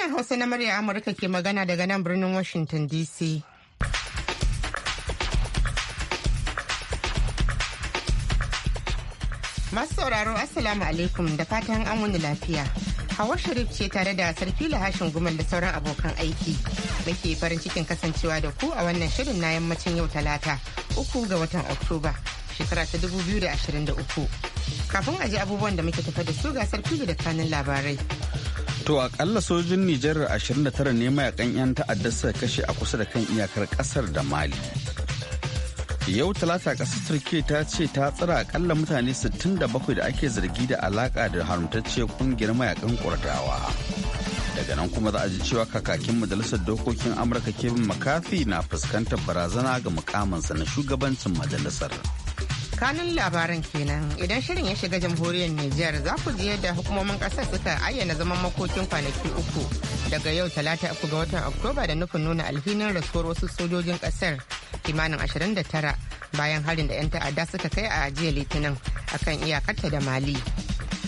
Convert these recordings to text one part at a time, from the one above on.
Sashen Hausa na murya Amurka ke magana daga nan birnin Washington DC. Masu sauraro Assalamu alaikum da fatan an wani lafiya. Hawa Sharif ce tare da sarki Lahashin Gumal da sauran abokan aiki. Muke farin cikin kasancewa da ku a wannan shirin na yammacin yau talata uku ga watan Oktoba shekara ta 2023. Kafin a aji abubuwan da muke tafa da su ga sarki da kanin labarai. To akalla sojin Nijar 29 ne mayakan 'yan ta'addar suka kashe a kusa da kan iyakar kasar da Mali. Yau talata kasar Turkiyya ta ce ta tsira akalla mutane 67 da ake zargi da alaka da haramtacce kungiyar mayakan kurdawa. Daga nan kuma za a ji cewa kakakin majalisar dokokin Amurka Kevin McCarthy na fuskantar barazana ga mukamansa na shugabancin majalisar. tsakanin labaran kenan idan shirin ya shiga jamhuriyar Nijar za ku ji yadda hukumomin kasar suka ayyana zaman makokin kwanaki uku daga yau talata uku ga watan Oktoba da nufin nuna alhinin rasuwar wasu sojojin kasar kimanin 29 bayan harin da 'yan ta'adda suka kai a jiya litinin akan iyakarta da Mali.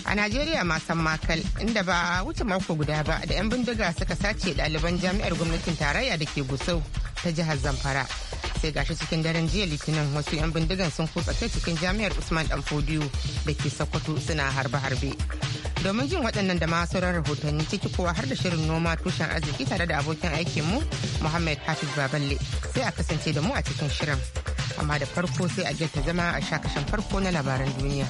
A Najeriya ma san makal inda ba a wuce mako guda ba da 'yan bindiga suka sace ɗaliban jami'ar gwamnatin tarayya da ke Gusau ta jihar Zamfara. sai gashi cikin daren jiya litinin wasu 'yan bindigan sun kusa kai cikin jami'ar usman danfodiyo da ke sokoto suna harbe-harbe domin jin waɗannan da masu sauran rahotanni ciki kowa har da shirin noma tushen arziki tare da abokin aikin mu muhammad hafiz baballe sai a kasance da mu a cikin shirin amma da farko sai a ta zama a shakashin farko na labaran duniya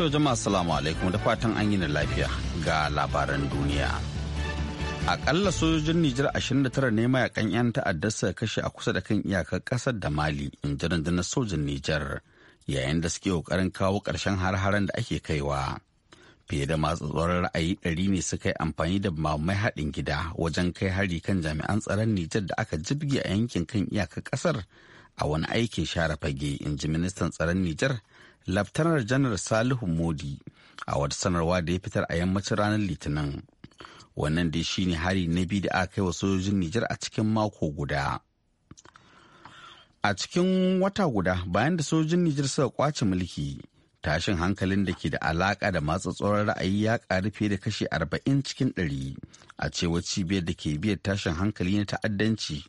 To jama'a salamu alaikum da fatan an yi na lafiya ga labaran duniya. Akalla sojojin Nijar 29 ne mayakan 'yan ta'addar suka kashe a kusa da kan iyakar kasar da Mali in ji rundunar sojin Nijar yayin da suke kokarin kawo karshen har-haren da ake kaiwa. Fiye da masu tsoron ra'ayi ɗari ne suka yi amfani da mamai haɗin gida wajen kai hari kan jami'an tsaron Nijar da aka jibge a yankin kan iyakar ƙasar a wani aikin share fage in ji ministan tsaron Nijar Laftanar Janar Salihu Modi a wata sanarwa da ya fitar a yammacin ranar Litinin. Wannan dai shi ne hari na biyu da aka kai wa sojojin Nijar a cikin mako guda. A cikin wata guda bayan da sojojin Nijar suka kwace mulki, tashin hankalin da ke da alaƙa da matsatsoron ra'ayi ya ƙaru fiye da kashi arba'in cikin ɗari a cewar cibiyar da ke biyar tashin hankali na ta'addanci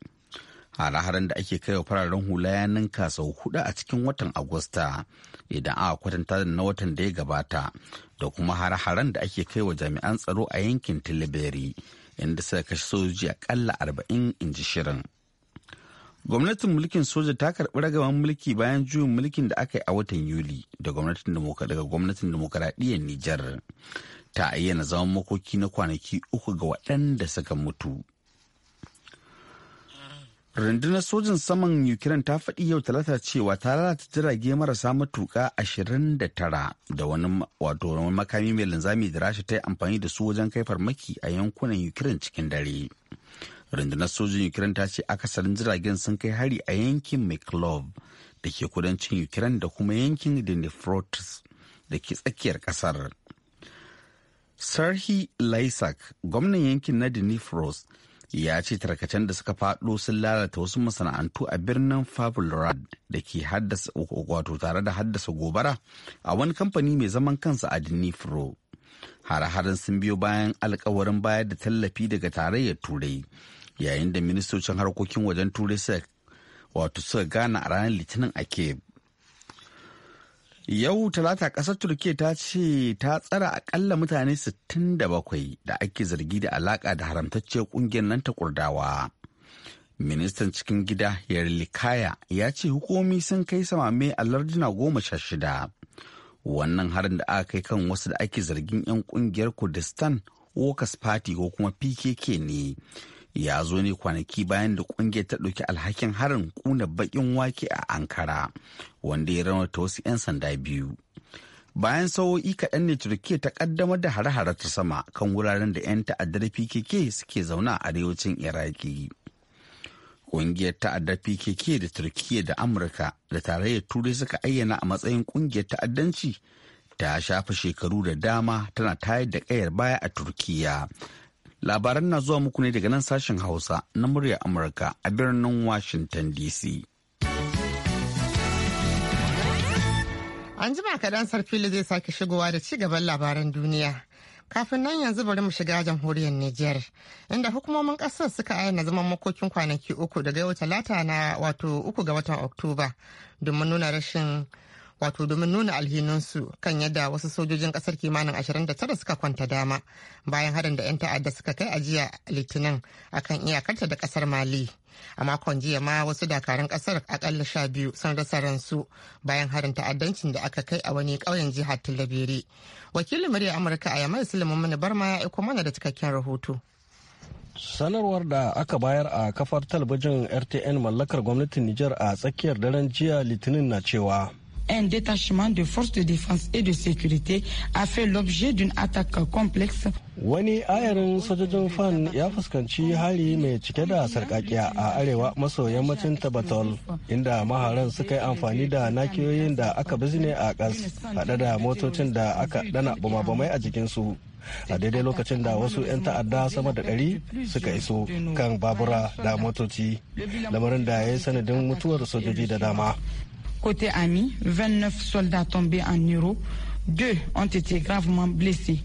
hare-haren da ake kaiwa fararen hula ya ninka sau hudu a cikin watan agusta idan aka kwatanta da na watan da ya gabata da kuma hare-haren da ake kai wa jami'an tsaro a yankin tilibiri inda suka kashe sojoji akalla arba'in in ji shirin gwamnatin mulkin soja ta karɓi ragaman mulki bayan juyin mulkin da aka yi a watan yuli da gwamnatin daga gwamnatin dimokuraɗiyyar nijar ta ayyana zaman makoki na kwanaki uku ga waɗanda suka mutu rundunar sojin saman ukraine ta faɗi yau talata cewa ta lalata jirage marasa matuka 29 da wani wato makami mai linzami da rasha ta yi amfani da su wajen kai farmaki a yankunan ukraine cikin dare rundunar sojin ukraine ta ce akasarin jiragen sun kai hari a yankin mclov da ke kudancin ukraine da kuma yankin dnipropetrovsk da ke tsakiyar kasar sarhi laisak gwamnan yankin na dnipropetrovsk ya ce tarkacen da suka faɗo sun lalata wasu masana'antu a birnin Favulrad da ke wato tare da haddasa gobara a wani kamfani mai zaman kansa a Dnipro. Hare-haren sun biyo bayan alkawarin bayar da tallafi daga tarayyar Turai yayin da ministocin harkokin wajen Turai suka gana a ranar Litinin a Cape. Yau talata ƙasar Turkiyya ta ce ta tsara akalla mutane 67 da ake zargi da alaƙa da haramtacciyar ƙungiyar nan ta kurdawa. Ministan cikin gida Yarlikaya ya ce hukumomi sun kai samame a larduna goma sha shida. Wannan harin da aka kai kan wasu da ake zargin 'yan ƙungiyar Kurdistan Workers Party ko kuma PKK ne ya zo ne kwanaki bayan da kungiyar ta ɗauki alhakin harin kuna bakin wake a ankara wanda ya raunata wasu 'yan sanda biyu bayan sawo'i kaɗan ne Turkiyya ta ƙaddamar da hare-hare ta sama kan wuraren da 'yan ta'addar pkk suke zauna a arewacin iraki kungiyar ta'addar pkk da Turkiyya da amurka da tarayyar turai suka ayyana a matsayin kungiyar ta'addanci ta shafa shekaru da dama tana tayar da kayar baya a Turkiyya. Labaran na zuwa muku ne daga nan sashen Hausa na murya Amurka a birnin Washington DC. An jima kaɗan sarfili zai sake shigowa da ci gaban labaran duniya. Kafin nan yanzu bari mu shiga jamhuriyar Nijar, inda hukumomin ƙasar suka ayyana zaman makokin kwanaki uku daga yau talata na wato uku ga watan Oktoba domin nuna rashin wato domin nuna alhininsu kan yadda wasu sojojin kasar kimanin 29 suka kwanta dama bayan harin da 'yan ta'adda suka kai ajiya jiya litinin akan iyakarta da kasar mali a makon jiya ma wasu dakarun kasar akalla sha biyu sun rasa ransu bayan harin ta'addancin da aka kai a wani ƙauyen jihar tillabiri wakilin murya amurka a yamai sulaiman bar ma ya aiko mana da cikakken rahoto sanarwar da aka bayar a kafar talabijin rtn mallakar gwamnatin niger a tsakiyar daren jiya litinin na cewa un détachement de forces de défense et de sécurité a fait l'objet d'une attaque complexe. Wani ayarin sojojin fan ya fuskanci hari mai cike da sarƙaƙiya a arewa maso yammacin Tabatol inda maharan suka yi amfani da nakiyoyin da aka bizne a kas haɗe da motocin da aka dana bama-bamai a jikinsu. a daidai lokacin da wasu 'yan ta'adda sama da ɗari suka iso kan babura da motoci lamarin da ya yi sanadin mutuwar sojoji da dama Côté ami, 29 soldats tombés en Europe, deux ont été gravement blessés.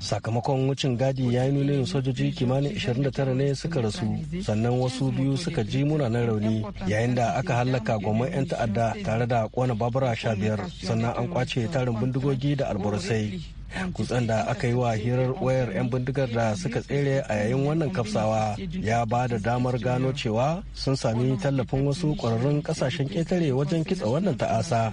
sakamakon wucin gadi ya yi nunin sojoji kimanin 29 ne suka rasu sannan wasu biyu suka ji munanan rauni yayin da aka hallaka gwamman 'yan ta'adda tare da kona babura 15 sannan an kwace tarin bindigogi da alburusai kutsen da aka yi wa hirar wayar 'yan bindigar da suka tsere a yayin wannan kafsawa ya ba da damar gano cewa sun sami tallafin wasu ƙwararrun kasashen ketare wajen kitsa wannan ta'asa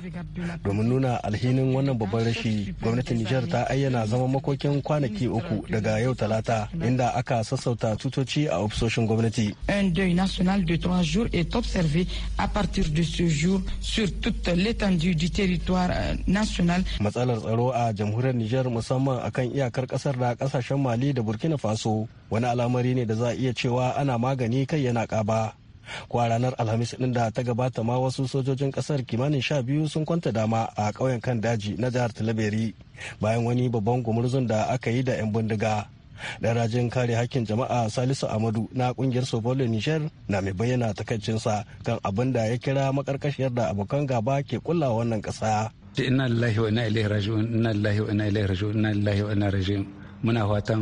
domin nuna alhinin wannan babban rashi gwamnatin nijar ta ayyana zama makokin kwanaki uku daga yau talata inda aka sassauta tutoci a ofisoshin gwamnati un national de trois jours de ce jour euh, matsalar tsaro a jamhuriyar nijar Nijar musamman akan iyakar kasar da kasashen Mali da Burkina Faso wani al'amari ne da za a iya cewa ana magani kai yana ƙaba. Kwa ranar Alhamis ɗin da ta gabata ma wasu sojojin ƙasar kimanin sha biyu sun kwanta dama a ƙauyen kan daji na jihar talaberi bayan wani babban gumurzun da aka yi da 'yan bindiga. dan rajin kare hakkin jama'a salisu amadu na kungiyar sobolin nishar na mai bayyana takacinsa kan abin da ya kira makarkashiyar da abokan gaba ke kulla wannan kasa inna lillahi wa inna ilaihi raji'un inna lillahi wa inna ilaihi raji'un inna lillahi wa inna raji'un muna fatan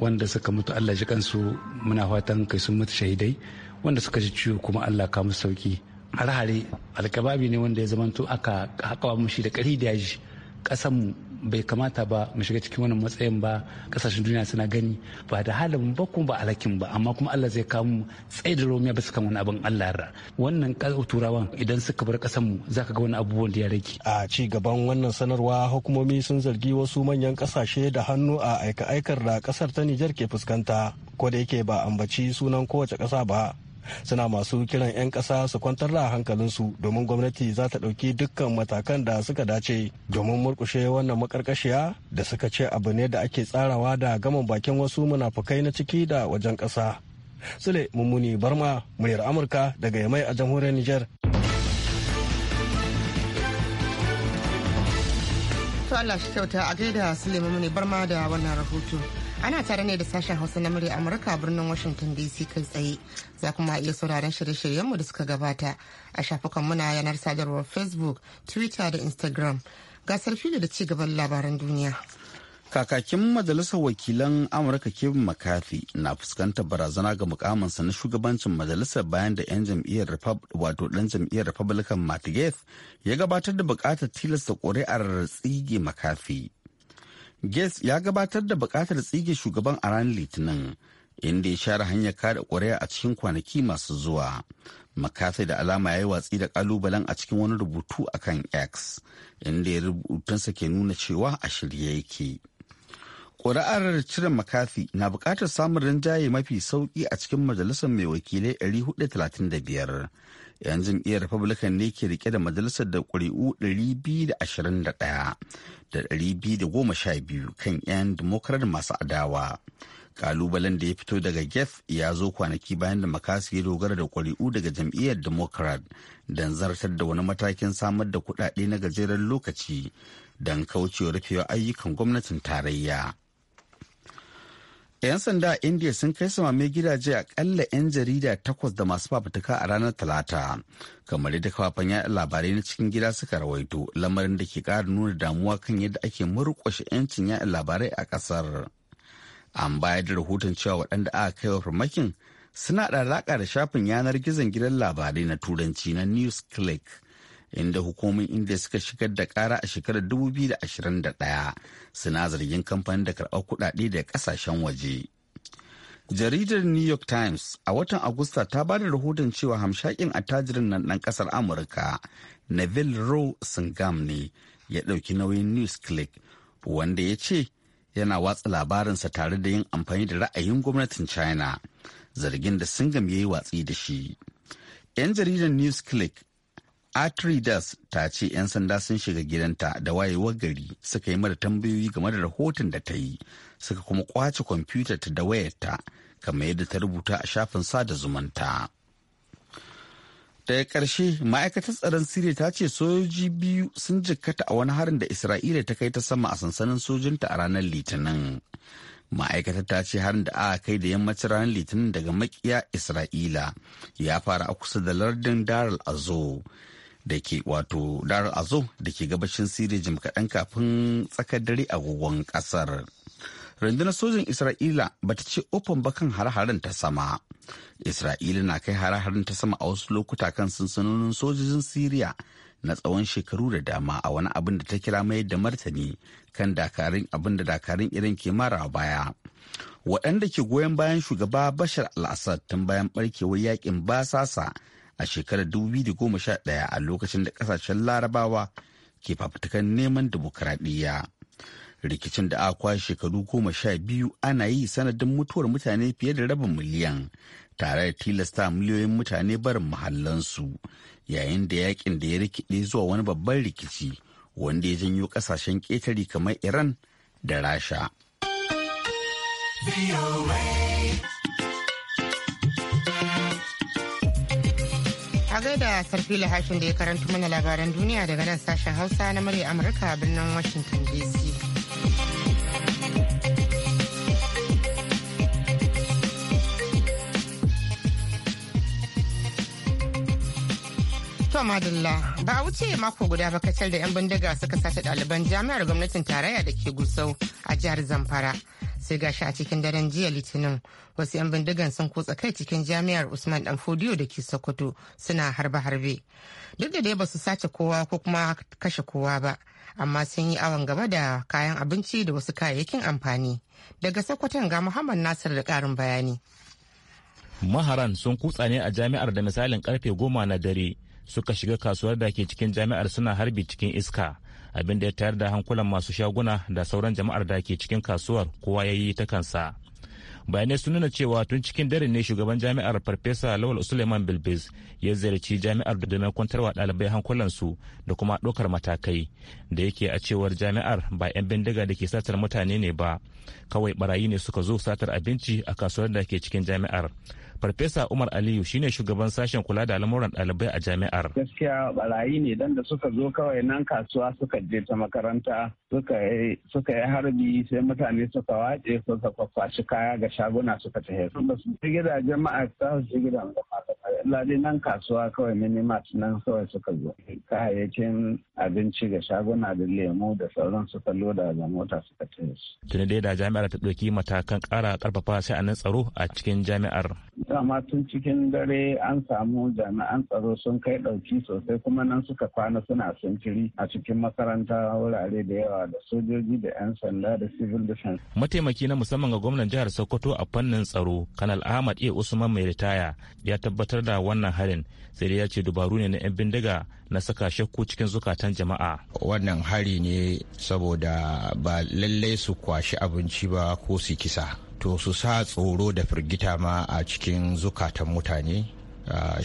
wanda suka mutu Allah ji kansu muna fatan kai sun mutu shahidai wanda suka ji ciwo kuma Allah ka musu sauki har hare alkababi ne wanda ya zamanto aka haƙawa mushi da ƙari da yaji kasan bai kamata ba mu shiga cikin wannan matsayin ba kasashen duniya suna gani ba da halin ba kuma ba alakin ba amma kuma Allah zai kawo mu tsaye da romiya ba su kan wani abin Allah ra wannan turawan idan suka bar kasan mu ka ga wani abubuwan da ya rage a ci gaban wannan sanarwa hukumomi sun zargi wasu manyan kasashe da hannu a aika-aikar da kasar ta Nijar ke fuskanta ko da yake ba ambaci sunan kowace kasa ba suna masu kiran 'yan ƙasa su kwantar da hankalinsu domin gwamnati za ta ɗauki dukkan matakan da suka dace domin murkushe wannan makarkashiya da suka ce abu ne da ake tsarawa da gaman bakin wasu munafukai na ciki da wajen ƙasa. Sule Mummuni Barma, muryar Amurka daga Yamai a jamhuriyar Nijar. Allah kyauta a gaida Sule Mummuni Barma da wannan rahoto. ana tare ne da sashen hausa na murya amurka birnin washington dc kai tsaye za kuma iya sauraron shirye-shiryenmu da suka gabata a shafukan muna yanar sadarwar facebook twitter da instagram gasar fili da ci gaban labaran duniya kakakin majalisar wakilan amurka kevin mccarthy na fuskantar barazana ga mukamansa na shugabancin majalisar bayan da 'yan jam'iyyar wato dan jam'iyyar republican matt ya gabatar da bukatar tilasta ƙuri'ar tsige mccarthy Gates ya gabatar da bukatar tsige shugaban a ranar Litinin, inda ya share hanyar kada ƙuri'a a cikin kwanaki masu zuwa. makafi da alama ya yi watsi da kalubalen a cikin wani rubutu a kan X, inda ya rubutunsa ke nuna cewa a shirye yake. Ƙuri'ar cire makafi na buƙatar samun rinjaye mafi sauƙi a cikin majalisar mai wakilai 435 'yan jam'iyyar republican ne ke rike da majalisar da ƙuri'u 221 da 212 kan 'yan democrat masu adawa kalubalen da ya fito daga gef ya zo kwanaki bayan da makasi ya dogara da ƙuri'u daga jam'iyyar democrat don zartar da wani matakin samar da kuɗaɗe na gajeren lokaci don kaucewa rufewa ayyukan gwamnatin tarayya 'Yan sanda a India sun kai samame gidaje akalla 'yan jarida takwas da masu fafutuka a ranar Talata. Kamar yadda kafafen yaɗa labarai na cikin gida suka rawaito lamarin da ke kara nuna damuwa kan yadda ake murƙushe 'yancin yaɗa labarai a ƙasar. An bayar da rahoton cewa waɗanda aka kai wa farmakin suna da alaƙa da shafin yanar gizon gidan labarai na turanci na News Click. inda hukumomin indiya suka shigar da kara a shekarar 2021 suna zargin kamfanin da karɓar kudade daga kasashen waje. Jaridar New York Times a watan Agusta ta ba da rahoton cewa hamshakin attajirin nan ɗan ƙasar Amurka Neville Rowe Singam ne ya ɗauki nauyin News Click wanda ya ce yana watsa labarinsa tare da yin amfani da ra'ayin gwamnatin China zargin da Singam ya yi watsi da shi. 'Yan jaridar News Click Atridas ta ce 'yan sanda sun shiga gidanta da wayewar gari suka yi mata tambayoyi game da rahoton da ta yi suka kuma kwace kwamfutar ta da wayarta kamar yadda ta rubuta a shafin sada zumunta. Daga ƙarshe ma'aikatar tsaron Siriya ta ce sojoji biyu sun jikkata a wani harin da Isra'ila ta kai ta sama a sansanin sojinta a ranar Litinin. ma'aikatar ta ce harin da aka kai da yammacin ranar litinin daga makiya isra'ila ya fara a kusa da lardin daral azo da ke wato dar azo da ke gabashin siriya jim kaɗan kafin tsakar dare a agogon ƙasar rundunar sojin isra'ila ba ta ce ofan ba kan hare-haren ta sama isra'ila na kai hare-haren ta sama a wasu lokuta kan sansanonin sojojin siriya na tsawon shekaru da dama a wani abin da ta kira mai da martani kan dakarun abin da dakarun irin ke mara baya waɗanda ke goyon bayan shugaba bashar al-assad tun bayan barkewar yakin basasa a shekarar 2011 a lokacin da kasashen larabawa ke fafutukan neman dimokuraɗiyya. rikicin da aka kwashe shekaru goma sha biyu ana yi sanadin mutuwar mutane fiye da rabin miliyan tare da tilasta miliyoyin mutane barin mahallansu yayin da yakin da ya rikide zuwa wani babban rikici wanda ya janyo kasashen ƙetare kamar iran da rasha. A gaida sarfi lahashin da ya karanta mana labaran duniya daga nan sashen Hausa na murya Amurka a birnin Washington DC. madalla ba a wuce mako guda ba kacal da 'yan bindiga suka sace ɗaliban jami'ar gwamnatin tarayya da ke gusau a jihar zamfara sai gashi a cikin daren jiya litinin wasu 'yan bindigan sun kutsa kai cikin jami'ar usman dan fodiyo da ke sokoto suna harbe-harbe duk da dai ba su sace kowa ko kuma kashe kowa ba amma sun yi awon gaba da kayan abinci da wasu kayayyakin amfani daga sokoton ga muhammad nasir da karin bayani maharan sun kutsa ne a jami'ar da misalin karfe goma na dare suka shiga kasuwar da ke cikin jami'ar suna harbi cikin iska abin da ya tayar da hankulan masu shaguna da sauran jama'ar da ke cikin kasuwar kowa ya yi ta kansa bayanai sun nuna cewa tun cikin dare ne shugaban jami'ar farfesa lawal suleiman bilbis ya ziyarci jami'ar da domin kwantarwa ɗalibai hankulansu da kuma ɗaukar matakai da yake a cewar jami'ar ba 'yan bindiga da ke satar mutane ne ba kawai barayi ne suka zo satar abinci a kasuwar da ke cikin jami'ar Farfesa Umar Aliyu shine shugaban sashen kula da lamuran ɗalibai a jami'ar. Gaskiya barayi ne dan da suka zo kawai nan kasuwa suka je ta makaranta suka yi harbi sai mutane suka wace suka kwakwashi kaya ga shaguna suka ta Ba su gidajen ma'aikata su gidan nan kasuwa kawai minimat nan kawai suka zo. Kayayyakin abinci ga shaguna da lemu da sauran suka loda da mota suka tafi. Tuni dai da jami'ar ta ɗauki matakan ƙara ƙarfafa sai a nan tsaro a cikin jami'ar. dama tun cikin dare an samu jami'an tsaro sun kai ɗauki sosai kuma nan suka kwana suna sintiri a cikin makaranta wurare da yawa da sojoji da 'yan sanda da civil defense. Mataimaki na musamman ga gwamnan jihar Sokoto a fannin tsaro, Kanal Ahmad e Usman mai ritaya ya tabbatar da wannan harin sai dai ya ce dubaru ne na 'yan bindiga na saka shakku cikin zukatan jama'a. Wannan hari ne saboda ba lallai su kwashi abinci ba ko su kisa. to su sa tsoro da firgita ma a cikin zukatan mutane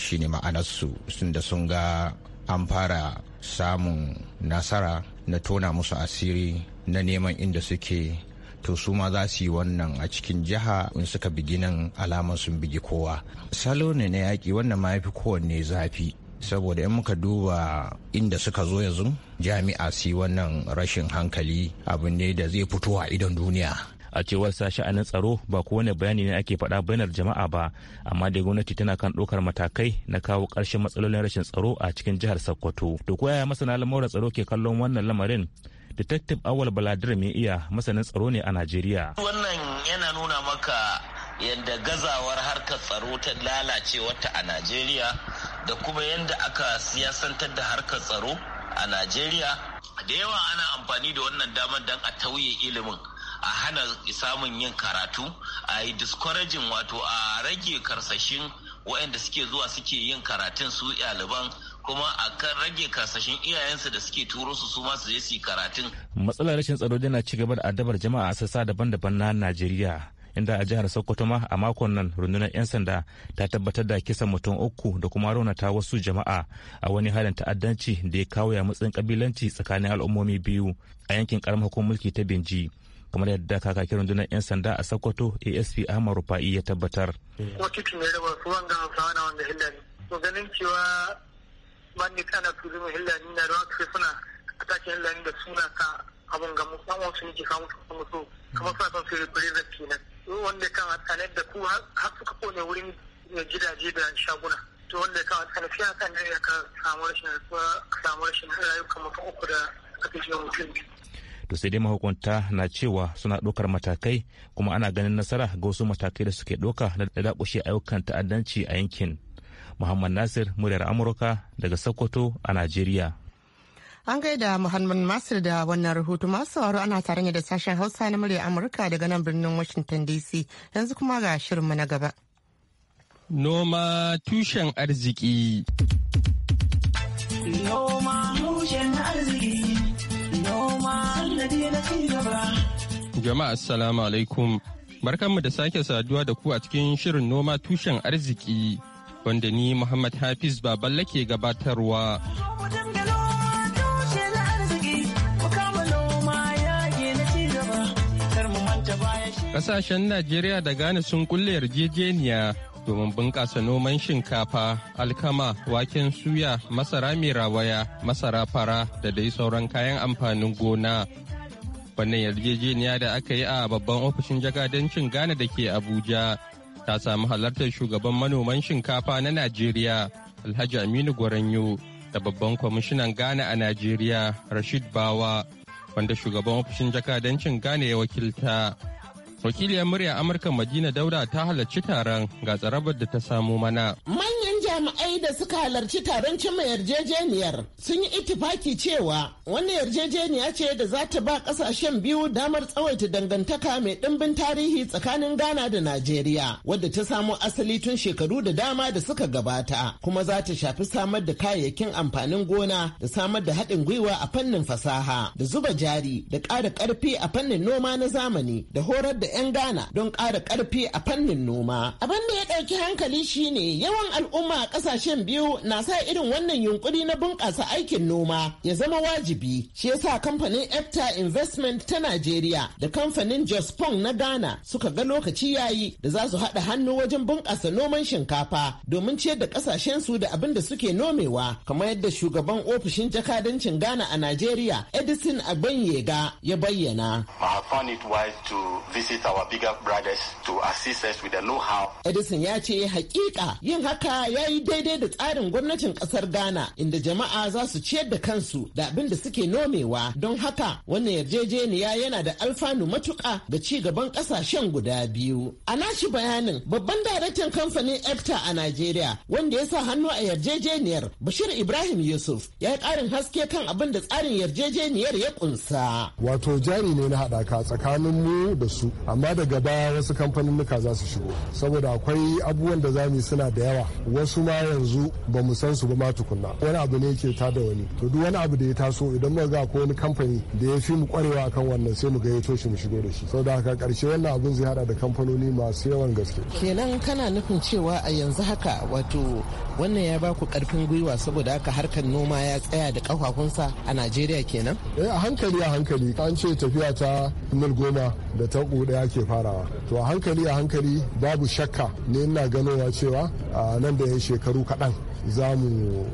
shi ne ma'anarsu sun da sun ga an fara samun nasara na tona musu asiri na neman inda suke to su ma za su yi wannan a cikin jiha in suka bigi nan alamar sun bigi kowa salo ne na yaƙi wannan ma ya fi kowanne zafi saboda in muka duba inda suka zo yanzu jami'a su yi wannan rashin hankali abu ne da zai fito a idon duniya a cewar sa anan tsaro ba kowane bayani ne ake faɗa bayanar jama'a ba amma dai gwamnati tana kan ɗaukar matakai na kawo ƙarshen matsalolin rashin tsaro a cikin jihar sokoto to ko yaya masana lamuran tsaro ke kallon wannan lamarin detective awal baladir mai iya masanin tsaro ne a najeriya wannan yana nuna maka yadda gazawar harkar tsaro ta wata a najeriya da kuma yadda aka siyasantar da harkar tsaro a najeriya da yawa ana amfani da wannan damar don a tauye ilimin a hana samun yin karatu a yi discouraging wato a rage karsashin waɗanda suke zuwa suke yin karatun su ɗaliban kuma a kan rage karsashin iyayensu da suke turo su su masu je su yi karatun. matsalar rashin tsaro yana ci gaba da addabar jama'a a sassa daban-daban na najeriya inda a jihar sokoto ma a makon nan rundunar 'yan sanda ta tabbatar da kisan mutum uku da kuma raunata wasu jama'a a wani halin ta'addanci da ya kawo ya matsayin kabilanci tsakanin al'ummomi biyu a yankin karamar hukumar mulki ta benji kamar yadda kakakin rundunar 'yan sanda a sokoto asp ahmad rufa'i ya tabbatar wakilci mai raba su wanga hausawa na wanda hillani to ganin cewa bani kana su zama hillani na ruwa su suna atakin hillani da suna ka abun ga musu an wasu yake kawo su musu kamar suna son su represent kenan wanda kan tsanar da ku har suka kone wurin gidaje da shaguna to wanda kan tsanar fiye kan ne ya ka samu rashin rayuka mutum uku da aka ce mutum biyu to sai dai mahukunta na cewa suna ɗaukar matakai kuma ana ganin nasara ga wasu matakai da suke ɗauka na dakushe ayyukan ta'addanci a yankin muhammad nasir muryar amurka daga sokoto a najeriya an gaida muhammad masir da wannan rahoto masu sauraro ana tare ne da sashen hausa na muryar amurka daga nan birnin washington dc yanzu kuma ga shirinmu na gaba noma tushen arziki noma tushen arziki noma. Jama'a assalamu alaikum. da sake saduwa da ku a cikin shirin noma tushen arziki wanda ni Muhammad Hafiz Baballe ke gabatarwa. Kasashen Najeriya da Ghana sun kulle yarjejeniya domin bunƙasa noman shinkafa, alkama, waken suya, masara mai rawaya, masara fara da dai sauran kayan amfanin gona. Wannan yarjejeniya da aka yi a babban ofishin jagadancin Ghana da ke Abuja ta samu halartar shugaban manoman shinkafa na Najeriya, Alhaji Aminu Gwaranyo, da babban kwamishinan Ghana a Najeriya, Rashid Bawa, wanda shugaban ofishin jakadancin Ghana ya wakilta. wakiliyar murya amurka madina daura ta halarci taron ga tsarabar da ta samo mana jami'ai da suka halarci taron cimma yarjejeniyar sun yi itifaki cewa wannan yarjejeniya ce da za ta ba kasashen biyu damar tsawaita dangantaka mai ɗimbin tarihi tsakanin ghana da najeriya wadda ta samo asali tun shekaru da dama da suka gabata kuma za ta shafi samar da kayayyakin amfanin gona da samar da haɗin gwiwa a fannin fasaha da zuba jari da ƙara ƙarfi a fannin noma na zamani da horar da 'yan ghana don ƙara ƙarfi a fannin noma abin da ya ɗauki hankali shine yawan al'umma kasashen biyu na sa irin wannan yunkuri na bunƙasa aikin noma ya zama wajibi shi yasa kamfanin efta investment ta najeriya da kamfanin jospong na ghana suka ga lokaci yayi da za su haɗa hannu wajen bunƙasa noman shinkafa domin ciyar da kasashen su da abin da suke nomewa kamar yadda shugaban ofishin jakadancin ghana a najeriya edison abanyega ya bayyana edison ya ce hakika yin haka yayi yi daidai da tsarin gwamnatin kasar Ghana inda jama'a za su ciyar da kansu da abin da suke nomewa don haka wannan yarjejeniya yana da alfanu matuƙa ga ci gaban ƙasashen guda biyu. A nashi bayanin babban daraktan kamfanin ECTA a Najeriya wanda ya sa hannu a yarjejeniyar Bashir Ibrahim Yusuf ya yi ƙarin haske kan abin da tsarin yarjejeniyar ya kunsa. Wato jari ne na haɗaka tsakanin mu da su amma daga baya wasu kamfanin za su shigo saboda akwai abubuwan da za suna da yawa wasu ma yanzu ba mu san su ba ma tukunna wani abu ne yake tada wani to duk wani abu da ya taso idan muka ga ko wani kamfani da ya fi mu kwarewa akan wannan sai mu gayyato shi mu shigo da shi da haka karshe wannan abun zai hada da kamfanoni masu yawan gaske kenan kana nufin cewa a yanzu haka wato wannan ya ba ku karfin gwiwa saboda haka harkar noma ya tsaya da kafafunsa a Najeriya kenan eh a hankali a hankali an ce tafiya ta mil goma da ta daya ke farawa to a hankali a hankali babu shakka ne ina ganowa cewa a nan da ya shekaru kaɗan za mu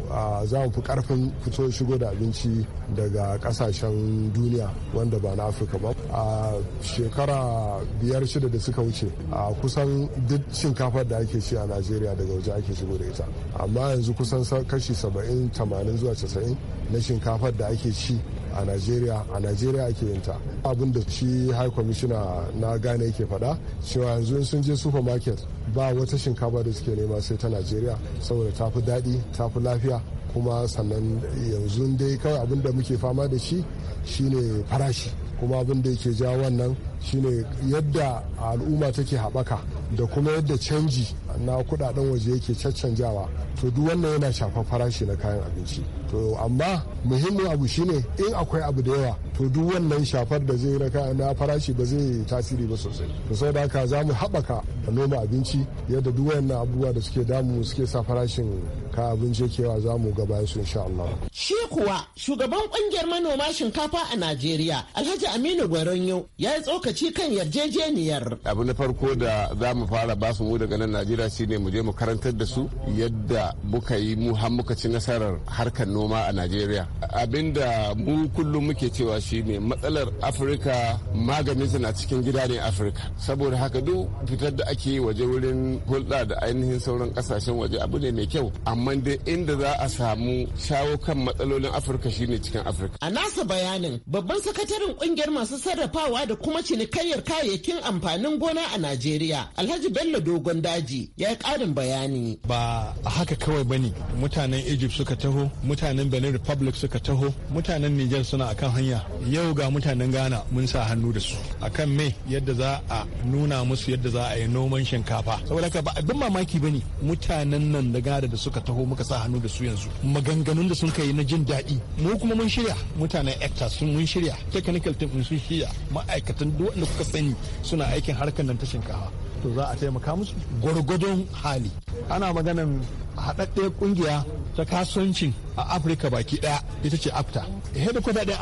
fi ƙarfin fito shigo da abinci daga ƙasashen duniya wanda ba na afirka ba a shekara biyar shida da suka wuce a kusan duk shinkafar da ake ci a najeriya daga waje ake shigo da ita amma yanzu kusan kashi 70 80 zuwa 90 na shinkafar da ake ci a najeriya a najeriya ake yin ta abin da shi high commissioner na gane yake faɗa cewa yanzu sun je supermarket ba wata shinkafa da suke nema sai ta najeriya saboda ta fi daɗi ta fi lafiya kuma sannan yanzu dai kawai abin da muke fama da shi shine farashi kuma abin da yake jawo wannan shine yadda al'umma take haɓaka da kuma yadda canji na kudaden waje yake caccanjawa to duk wannan yana shafar farashi na kayan abinci to amma muhimmin abu shine in akwai abu da yawa to duk wannan shafar da zai na farashi ba zai yi tasiri ba sosai to da haka za mu haɓaka da noma abinci yadda duk wannan abubuwa da suke damu suke sa farashin kayan abinci kewa za mu ga bayan su insha Allah Shi kuwa shugaban kungiyar manoma shinkafa a Najeriya Alhaji Aminu Gwaronyo ya yi tsokaci kan yarjejeniyar. Abu na farko da za mu fara ba su mu daga nan Najeriya shine mu je mu karantar da su yadda muka yi mu har muka ci nasarar harkar noma a Najeriya. Abinda mu kullum muke cewa shine matsalar Afirka maganinsa na cikin gida ne Afirka. Saboda haka duk fitar da ake waje wurin hulɗa da ainihin sauran kasashen waje abu ne mai kyau amma dai inda za a samu shawo kan matsalolin afirka shine cikin afirka a nasa bayanin babban sakataren kungiyar masu sarrafawa da kuma cinikayyar kayayyakin amfanin gona a najeriya alhaji bello dogon daji ya yi karin bayani ba a haka kawai bane mutanen egypt suka taho mutanen benin republic suka taho mutanen niger suna akan hanya yau ga mutanen ghana mun sa hannu da su akan me yadda za a nuna musu yadda za a yi noman shinkafa saboda haka ba abin mamaki bane mutanen nan da gada da suka taho muka sa hannu da su yanzu maganganun da sun kai na jin daɗi mu kuma mun shirya mutanen ekta sun mun shirya technical team sun shirya ma'aikatan duk wanda kuka sani suna aikin harkar nan ta shinkafa to za a taimaka musu gwargwadon hali ana maganan haɗaɗɗiyar ƙungiya ta kasuwancin a afirka baki ɗaya ita ce afta eh, hedikwata ɗin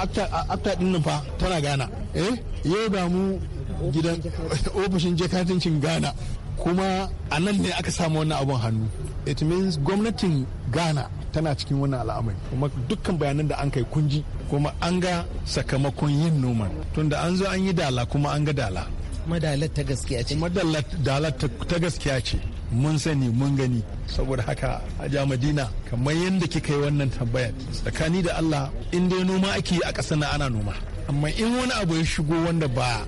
afta ɗin nan tana ghana eh yau da mu gidan ofishin jakatancin ghana kuma a nan ne aka samu wannan abun hannu it means gwamnatin ghana tana cikin wannan al'amari kuma dukkan bayanan da an kai kunji kuma an ga sakamakon yin noman tunda an zo an yi dala kuma an ga dala madalar ta gaskiya ce madalar ta gaskiya ce mun sani mun gani saboda haka a madina kamar yadda kika yi wannan tambayar tsakani da allah inda dai noma ake yi a ƙasar na ana noma amma in wani abu ya shigo wanda ba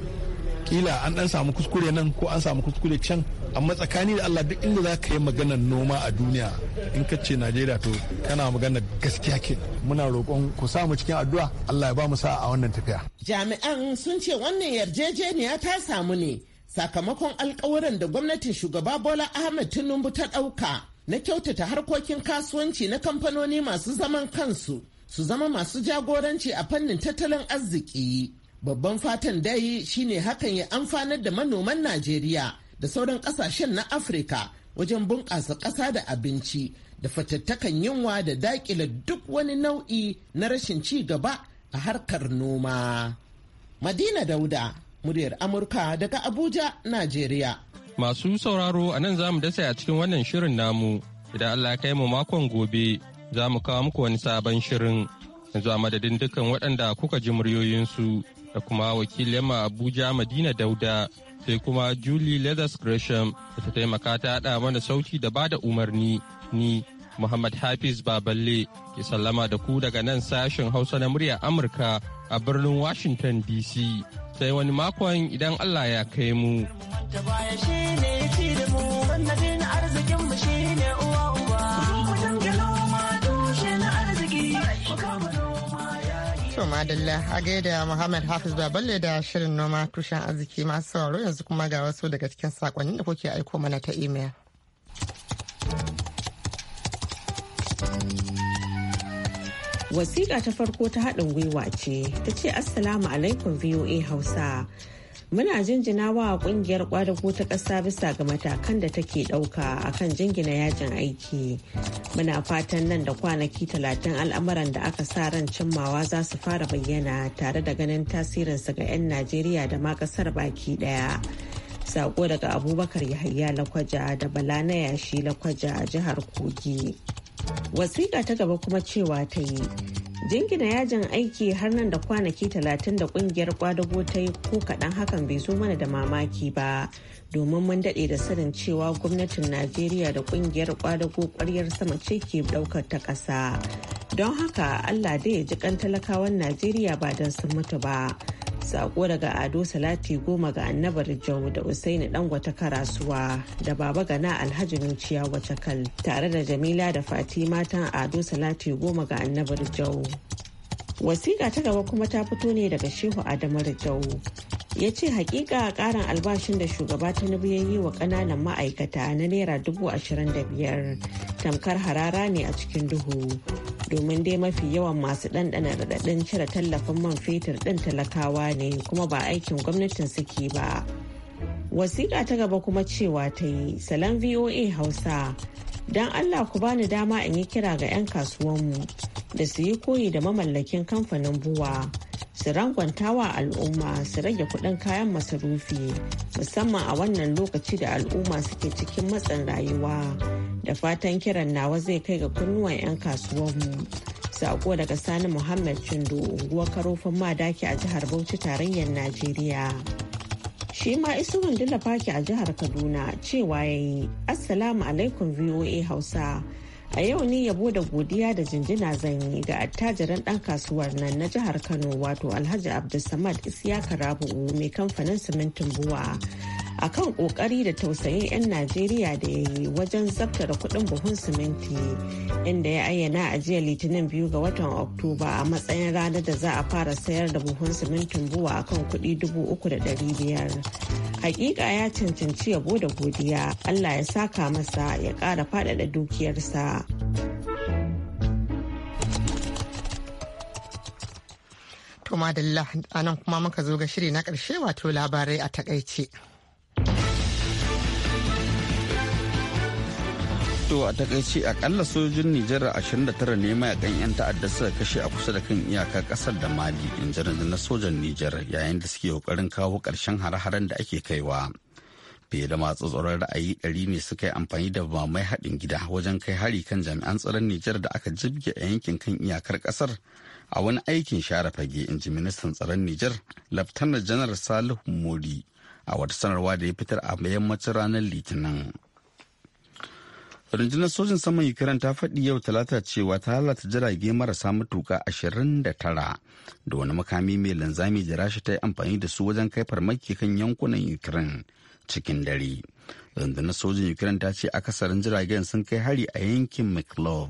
kila an dan samu kuskure nan ko an samu kuskure can amma tsakani da Allah duk inda za ka yi maganar noma a duniya in ka ce Najeriya to kana magana gaskiya ke muna roƙon ku sa mu cikin addu'a Allah ya ba mu sa'a a wannan tafiya jami'an sun ce wannan yarjejeniya ta samu ne sakamakon alkawuran da gwamnatin shugaba Bola Ahmed Tinubu ta ɗauka na kyautata harkokin kasuwanci na kamfanoni masu zaman kansu su zama masu jagoranci a fannin tattalin arziki. Babban fatan dai shine hakan ya amfanar da manoman Najeriya da sauran kasashen na Afirka wajen bunƙasa ƙasa da abinci da fatattakan yunwa da daƙila duk wani nau'i na rashin ci gaba a harkar noma. Madina Dauda, muryar Amurka daga Abuja, Najeriya. Masu sauraro a nan za mu dasa a cikin wannan shirin namu, idan Allah kai mu makon gobe za mu kawo muku wani sabon shirin. Yanzu a madadin dukkan waɗanda kuka ji muryoyinsu da kuma wakilin yamma Abuja Madina Dauda sai kuma Julie Leathers Gresham da ta taimaka ta haɗa mana sauti da bada umarni ni Muhammad Hafiz Baballe ke sallama da ku daga nan sashen Hausa na muryar Amurka a birnin Washington DC sai wani makon idan Allah ya kai mu. To madalla a gaida Muhammad Hafiz Baballe da shirin noma tushen arziki masu sauraro yanzu kuma ga wasu daga cikin sakonnin da kuke aiko mana ta imel. Wasiƙa ta farko ta haɗin gwiwa ce ta ce Assalamu alaikum VOA Hausa. muna jinjina wa kungiyar kwadago ta ƙasa bisa ga matakan da take ɗauka a kan jingina yajin aiki muna fatan nan da kwanaki talatin al'amuran da aka sa ran cimmawa za su fara bayyana tare da ganin tasirinsa ga 'yan najeriya da ma ƙasar baki ɗaya sako daga abubakar yahaya lakwaja da bala na yashi lakwaja a jihar kogi wasiƙa ta gaba kuma cewa ta yi jingina yajin aiki har nan da kwanaki talatin da kungiyar kwadago ta yi ko kaɗan hakan bai zo mana da mamaki ba domin mun daɗe da sanin cewa gwamnatin najeriya da kungiyar kwadago ƙwaryar sama ce ke ɗaukar ta ƙasa don haka allah dai ya ji kan talakawan najeriya ba don sun mutu ba sako daga ado salati goma ga annabar jau da usaini dangwata karasuwa da baba gana alhaji wace kal tare da jamila da fati matan ado salati goma ga annabar jau wasiƙa ta gaba kuma ta fito ne daga shehu adamar jau ya ce hakika karin albashin da shugaba ta nubu ya yi wa kananan ma'aikata na naira dubu ashirin da biyar tamkar harara ne a cikin duhu domin dai mafi yawan masu ɗanɗana raɗaɗin cire tallafin man fetur ɗin talakawa ne kuma ba aikin gwamnatin suke ba. Wasiƙa ta gaba kuma cewa ta yi salon VOA Hausa. Don Allah ku bani dama in yi kira ga 'yan kasuwanmu da su yi koyi da mamallakin kamfanin buwa. su rangwanta rangwantawa al'umma su rage kudin kayan masarufi musamman a wannan lokaci da al'umma suke cikin matsin rayuwa Da fatan kiran nawa zai kai ga kunnuwan 'yan mu? Sako daga Sani Muhammad Chindo, unguwar karofin madaki a jihar Bauchi tarayyar Najeriya. Shi ma isu wandula faki a jihar Kaduna cewa ya yi, Assalamu alaikum VOA Hausa. A yau ni yabo da godiya da jinjina zan yi ga attajiran ɗan kasuwar nan na jihar Kano wato Alhaji Abdulsamad Isiyaka Rabu'u mai kamfanin simintin buwa a kan kokari da tausayin 'yan najeriya da ya yi wajen zabtara kudin buhun siminti inda ya ayyana a jiya litinin biyu ga watan oktoba a matsayin ranar da za a fara sayar da buhun simintin buwa a kan kudi dubu uku da dari biyar hakika ya cancanci yabo da godiya allah ya saka masa ya kara fadada dukiyarsa To madalla anan kuma muka zo ga shiri na karshe wato labarai a takaice. to a takaice akalla sojojin Nijar 29 ne mayakan 'yan ta'adda suka kashe a kusa da kan iyakar kasar da Mali in na sojan Nijar yayin da suke kokarin kawo karshen hare-haren da ake kaiwa. Fiye da masu tsoron ra'ayi ɗari ne suka yi amfani da bamai haɗin gida wajen kai hari kan jami'an tsaron Nijar da aka jibge a yankin kan iyakar kasar a wani aikin share fage in ji ministan tsaron Nijar Laftanar Janar Salihu Mori a wata sanarwa da ya fitar a yammacin ranar Litinin. rundunar sojin saman ukraine ta faɗi yau talata cewa ta lalata jirage marasa matuka 29 da wani makami mai linzami da rasha ta yi amfani da su wajen kai farmaki kan yankunan ukraine cikin dare rundunar sojin ukraine ta ce akasarin jiragen sun kai hari a yankin mclov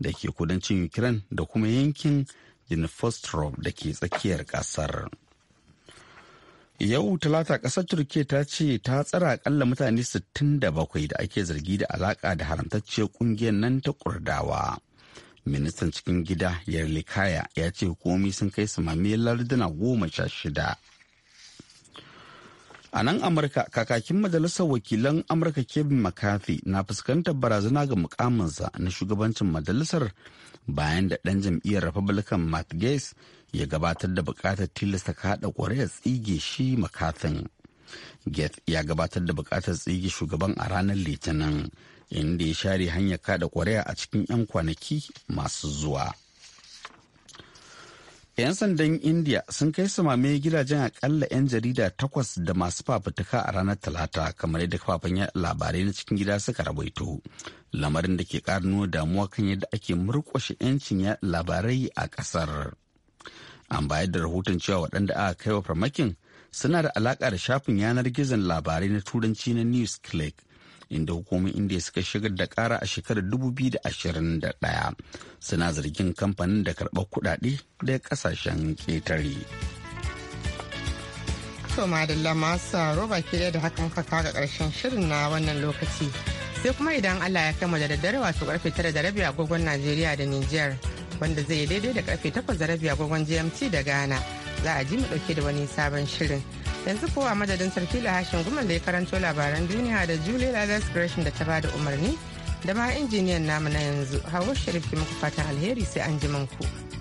da ke kudancin ukraine da kuma yankin dinifostrov da ke tsakiyar kasar. Yau Talata ƙasar Turkiyya ta ce ta tsara akalla mutane 67 da ake zargi da alaƙa da haramtacciyar ƙungiyar nan ta Kurdawa. Ministan cikin gida Yarlikaya ya ce hukumomi sun kai samami larduna goma sha shida. A nan Amurka kakakin majalisar wakilan Amurka Kevin McCarthy na fuskantar barazana ga mukaminsa na shugabancin majalisar bayan da ɗan jam'iyyar Republican Matt Gaetz ya gabatar da bukatar tilasta kaɗa ƙuri'ar tsige shi makatin get ya gabatar da bukatar tsige shugaban a ranar litinin inda ya share hanyar kaɗa kwarai a cikin 'yan kwanaki masu zuwa. 'Yan sandan India sun kai samame gidajen akalla 'yan jarida takwas da masu fafutuka a ranar Talata kamar yadda kafafen labarai na cikin gida suka rabaito. Lamarin da ke ƙara nuna damuwa kan yadda ake murkwashe 'yancin labarai a ƙasar. an bayar da rahoton cewa waɗanda aka kai wa farmakin suna da alaƙa da shafin yanar gizon labarai na turanci na news click inda hukumomin indiya suka shigar da ƙara a shekarar 2021 suna zargin kamfanin da karɓar kuɗaɗe daga ƙasashen ƙetare. to madalla masu roba ke da haka muka ga ƙarshen shirin na wannan lokaci sai kuma idan allah ya kama da daddare wato karfe tara da rabi agogon najeriya da niger wanda zai daidai da karfe 8 da rabi agogon GMT da Ghana. Za a ji mu dauke da wani sabon shirin. Yanzu kowa madadin sarki hashin gumal da ya karanto labaran duniya da Julie Lazarus Gresham da ta bada umarni da ma injiniyan namu na yanzu Hawa Sharif ki muku fatan alheri sai an ji ku.